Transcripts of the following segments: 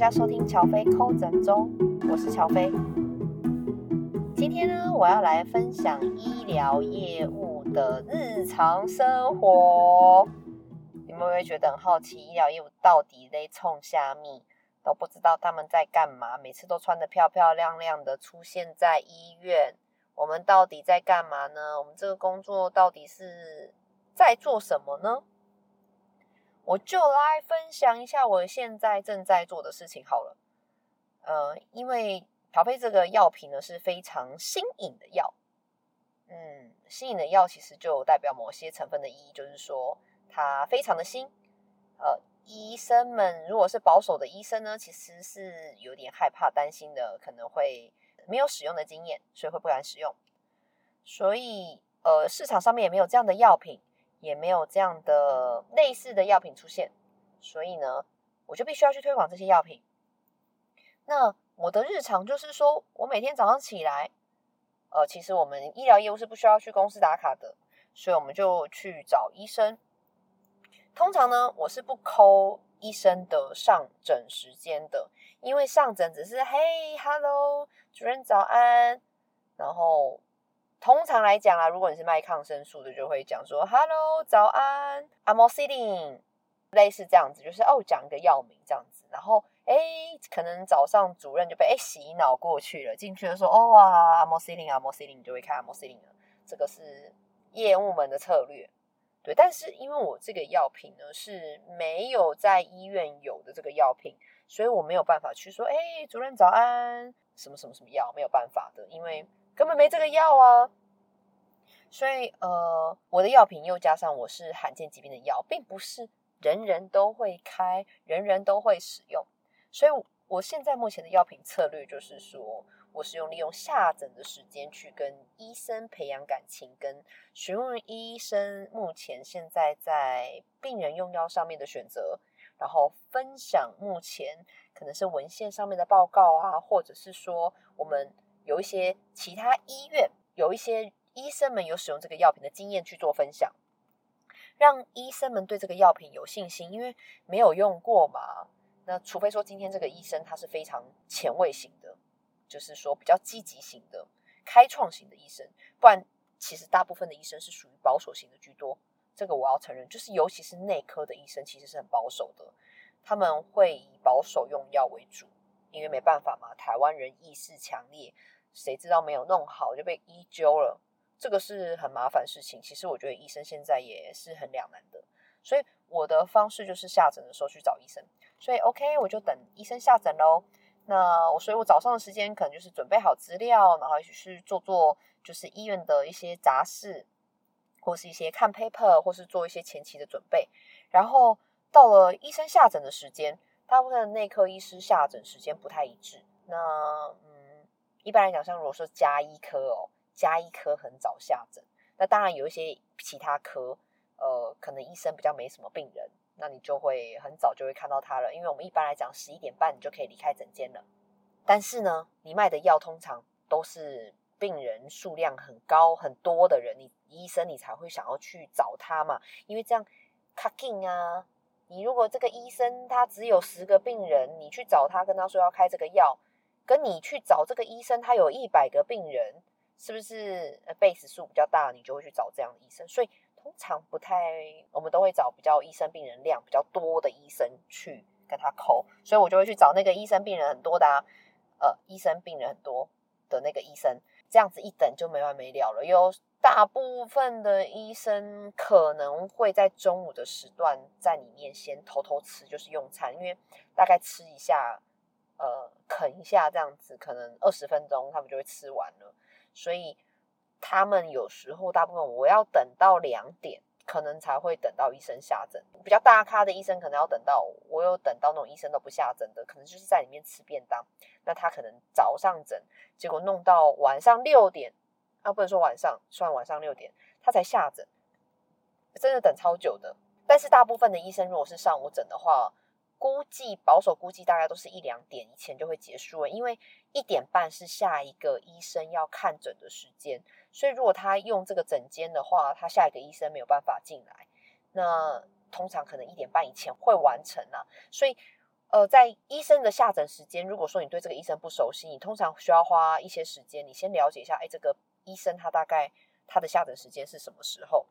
大家收聽喬飛扣診中，我是喬飛。今天呢，我要來分享醫療業務的日常生活。你們會不會覺得很好奇？醫療業務到底在衝蝦米？都不知道他們在幹嘛？每次都穿得漂漂亮亮的出現在醫院，我們到底在幹嘛呢？我們這個工作到底是在做什麼呢？我就來分享一下我現在正在做的事情好了。呃，因為調配這個藥品呢是非常新穎的藥，嗯，新穎的藥其實就代表某些成分的意義，就是說它非常的新。呃，醫生們如果是保守的醫生呢，其實是有點害怕、擔心的，可能會沒有使用的經驗，所以會不敢使用。所以，呃，市場上面也沒有這樣的藥品。也沒有這樣的類似的藥品出現，所以呢，我就必須要去推廣這些藥品。那我的日常就是說，我每天早上起來，呃，其實我們醫療業務是不需要去公司打卡的，所以我們就去找醫生。通常呢，我是不摳醫生的上診時間的，因為上診只是 “Hey，Hello，主任早安”，然後。通常來講啊，如果你是賣抗生素的，就會講說 “Hello，早安，阿莫西林”，類似這樣子，就是哦，講一個藥名這樣子。然後，哎，可能早上主任就被誒洗腦過去了，進去的時候，哦、oh, 哇、啊，阿莫西林，阿莫西林，你就會看阿莫西林了。這個是業務們的策略，對。但是因為我這個藥品呢是沒有在醫院有的這個藥品，所以我沒有辦法去說，哎，主任早安，什麼什麼什麼藥，沒有辦法的，因為。根本沒這個藥啊，所以呃，我的藥品又加上我是罕見疾病的藥，並不是人人都會開，人人都會使用。所以我，我現在目前的藥品策略就是說，我是用利用下診的時間去跟醫生培養感情，跟詢問醫生目前現在在病人用藥上面的選擇，然後分享目前可能是文獻上面的報告啊，或者是說我們。有一些其他醫院有一些醫生們有使用這個藥品的經驗去做分享，讓醫生們對這個藥品有信心。因為沒有用過嘛，那除非說今天這個醫生他是非常前衛型的，就是說比較積極型的、開創型的醫生，不然其實大部分的醫生是屬於保守型的居多。這個我要承認，就是尤其是內科的醫生其實是很保守的，他們會以保守用藥為主，因為沒辦法嘛，台灣人意識強烈。誰知道沒有弄好就被醫糾了，這個是很麻煩事情。其實我覺得醫生現在也是很兩難的，所以我的方式就是下診的時候去找醫生。所以 OK，我就等醫生下診嘍。那我所以我早上的時間可能就是準備好資料，然後也起去做做就是醫院的一些雜事，或是一些看 paper，或是做一些前期的準備。然後到了醫生下診的時間，大部分內科醫師下診時間不太一致。那。一般來講，像如果說加一顆哦，加一顆很早下診，那當然有一些其他科，呃，可能醫生比較沒什麼病人，那你就會很早就會看到他了。因為我們一般來講十一點半你就可以離開診間了。但是呢，你賣的藥通常都是病人數量很高很多的人，你醫生你才會想要去找他嘛，因為這樣卡 u 啊。你如果這個醫生他只有十個病人，你去找他跟他說要開這個藥。跟你去找這個醫生，他有一百個病人，是不是呃，base 數比較大，你就會去找這樣的醫生。所以通常不太，我們都會找比較醫生病人量比較多的醫生去跟他扣。所以我就會去找那個醫生病人很多的、啊、呃，醫生病人很多的那個醫生。這樣子一等就沒完沒了了。有大部分的醫生可能會在中午的時段在裡面先偷偷吃，就是用餐，因為大概吃一下，呃。啃一下這樣子，可能二十分鐘他們就會吃完了。所以他們有時候大部分我要等到兩點，可能才會等到醫生下診。比較大咖的醫生可能要等到我，我有等到那種醫生都不下診的，可能就是在裡面吃便當。那他可能早上診，結果弄到晚上六點，啊不能說晚上，算晚上六點，他才下診，真的等超久的。但是大部分的醫生如果是上午診的話。估計保守估計大概都是一兩點以前就會結束了，欸，因為一點半是下一個醫生要看診的時間，所以如果他用這個診間的話，他下一個醫生沒有辦法進來。那通常可能一點半以前會完成啊。所以，呃，在醫生的下診時間，如果說你對這個醫生不熟悉，你通常需要花一些時間，你先了解一下，哎，欸，這個醫生他大概他的下診時間是什麼時候？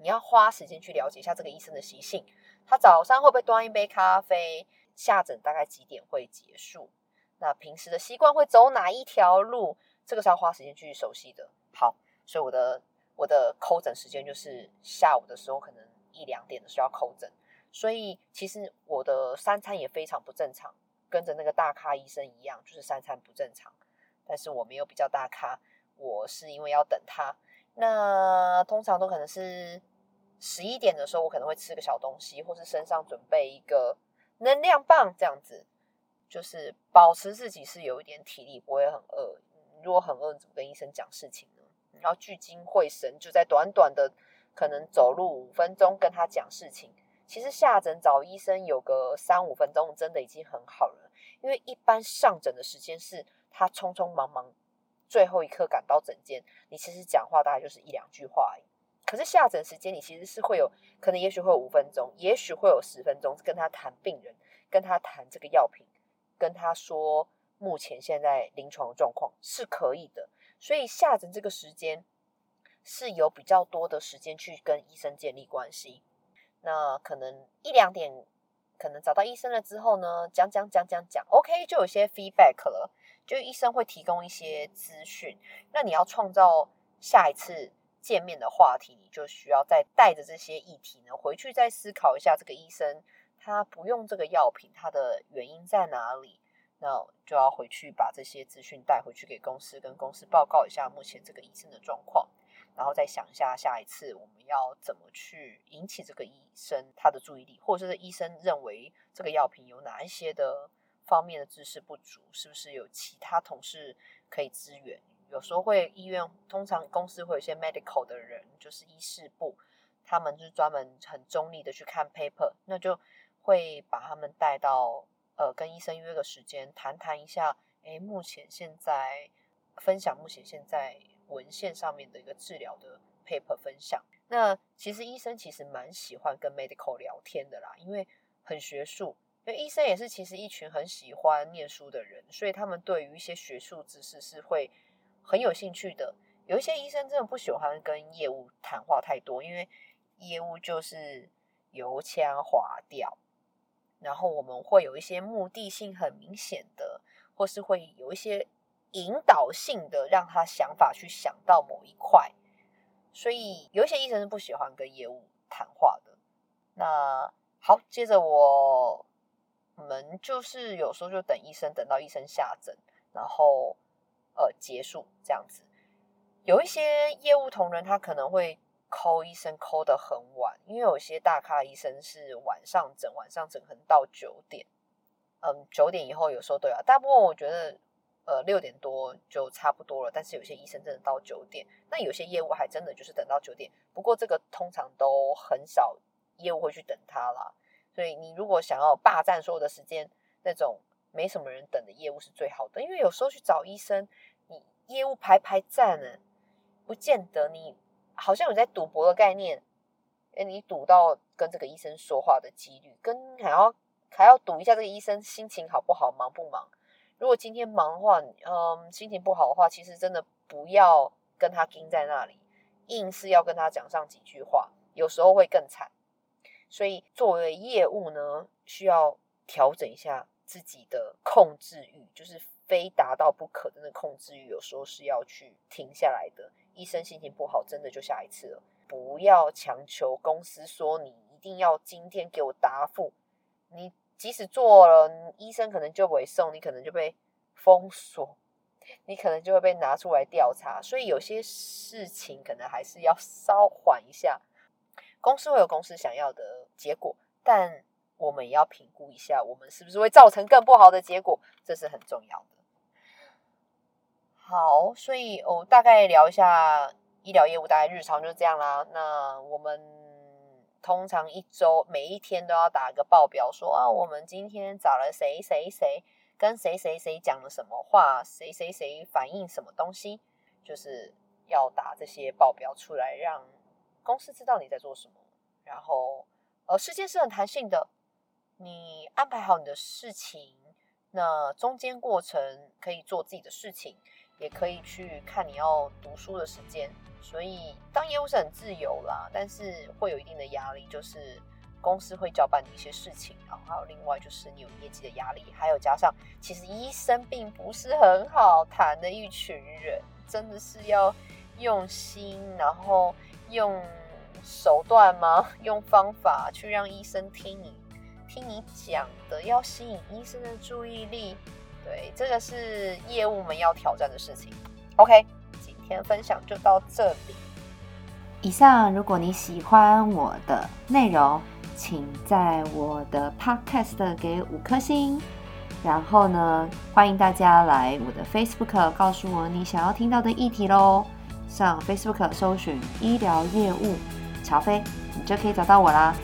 你要花時間去了解一下這個醫生的習性，他早上會不會端一杯咖啡？下診大概幾點會結束？那平時的習慣會走哪一條路？這個是要花時間去熟悉的。好，所以我的我的扣診時間就是下午的時候，可能一兩點的時候要扣診。所以其實我的三餐也非常不正常，跟着那個大咖醫生一樣，就是三餐不正常。但是我沒有比較大咖，我是因為要等他。那通常都可能是。十一點的時候，我可能會吃個小東西，或是身上準備一個能量棒，這樣子就是保持自己是有一點體力，不會很餓。如果很餓，怎麼跟醫生講事情呢？然後聚精會神，就在短短的可能走路五分鐘跟他講事情。其實下診找醫生有個三五分鐘，真的已經很好了，因為一般上診的時間是他匆匆忙忙最後一刻趕到診間，你其實講話大概就是一兩句話而已。可是下診時間，你其實是會有可能，也許會有五分鐘，也許會有十分鐘，跟他談病人，跟他談這個藥品，跟他說目前現在臨床的狀況是可以的，所以下診這個時間是有比較多的時間去跟醫生建立關係。那可能一兩點，可能找到醫生了之後呢，講講講講講，OK，就有些 feedback 了，就醫生會提供一些資訊。那你要創造下一次見面的話題，你就需要再帶着這些議題呢回去再思考一下，這個醫生他不用這個藥品，他的原因在哪裡？那就要回去把這些資訊帶回去給公司，跟公司報告一下目前這個醫生的狀況，然後再想一下下一次我們要怎麼去引起這個醫生他的注意力，或者是醫生認為這個藥品有哪一些的方面的知識不足，是不是有其他同事可以支援？有時候會醫院，通常公司會有一些 medical 的人,就是醫事部，他們就是專門很中立的去看 paper，那就會把他們帶到呃，跟醫生約個時間談談一下，誒，目前現在分享目前現在文獻上面的一個治療的 paper 分享。那其實醫生其實蠻喜歡跟 medical 聊天的啦，因為很學術，因為醫生也是其實一群很喜歡念書的人，所以他們對於一些學術知識是會。很有興趣的，有一些醫生真的不喜歡跟業務談話太多，因為業務就是油腔滑調，然後我們會有一些目的性很明顯的，或是會有一些引導性的，讓他想法去想到某一塊，所以有一些醫生是不喜歡跟業務談話的。那好，接着我，我們就是有時候就等醫生，等到醫生下診，然後。呃，結束這樣子，有一些業務同仁他可能會 call 醫生 call 得很晚，因為有些大咖醫生是晚上整晚上整，可能到九點，嗯，九點以後有時候都要。大部分我覺得，呃，六點多就差不多了。但是有些醫生真的到九點，那有些業務還真的就是等到九點。不過這個通常都很少業務會去等他啦，所以你如果想要霸佔所有的時間，那種。沒什麼人等的業務是最好的，因為有時候，去找醫生，你業務排排站了，不見得你，好像有在賭博的概念，哎，你賭到跟這個醫生說話的幾率，跟還要還要賭一下這個醫生心情好不好，忙不忙？如果今天忙的話，嗯，心情不好的話，其實真的不要跟他盯在那裡，硬是要跟他講上幾句話，有時候會更慘。所以作為業務呢，需要調整一下，自己的控制欲就是非達到不可的，那個控制欲有時候是要去停下來的。醫生心情不好，真的就下一次了。不要強求公司說你一定要今天給我答復，你即使做了，醫生可能就會送，你可能就被封鎖，你可能就會被拿出來調查。所以有些事情可能還是要稍緩一下。公司會有公司想要的結果，但。我們也要評估一下，我們是不是會造成更不好的結果，這是很重要的。好，所以我，哦，大概聊一下醫療業務，大概日常就是這樣啦。那我們通常一周每一天都要打個報表說，說啊，我們今天找了誰誰誰，跟誰誰誰講了什麼話，誰誰誰反映什麼東西，就是要打這些報表出來，讓公司知道你在做什麼。然後，呃，時間是很彈性的。你安排好你的事情，那中間過程可以做自己的事情，也可以去看你要讀書的時間。所以當業務是很自由啦，但是會有一定的壓力，就是公司會交辦你一些事情，然後還有另外就是你有業績的壓力，還有加上其實醫生並不是很好談的一群人，真的是要用心，然後用手段嗎？用方法去讓醫生聽你，聽你講的要吸引醫生的注意力，對，這個是業務們要挑戰的事情。OK，今天分享就到這裡。以上，如果你喜歡我的內容，請在我的 Podcast 給五顆星。然後呢，歡迎大家來我的 Facebook，告訴我你想要聽到的議題嘍。上 Facebook 搜尋醫療業務，喬飛，你就可以找到我啦。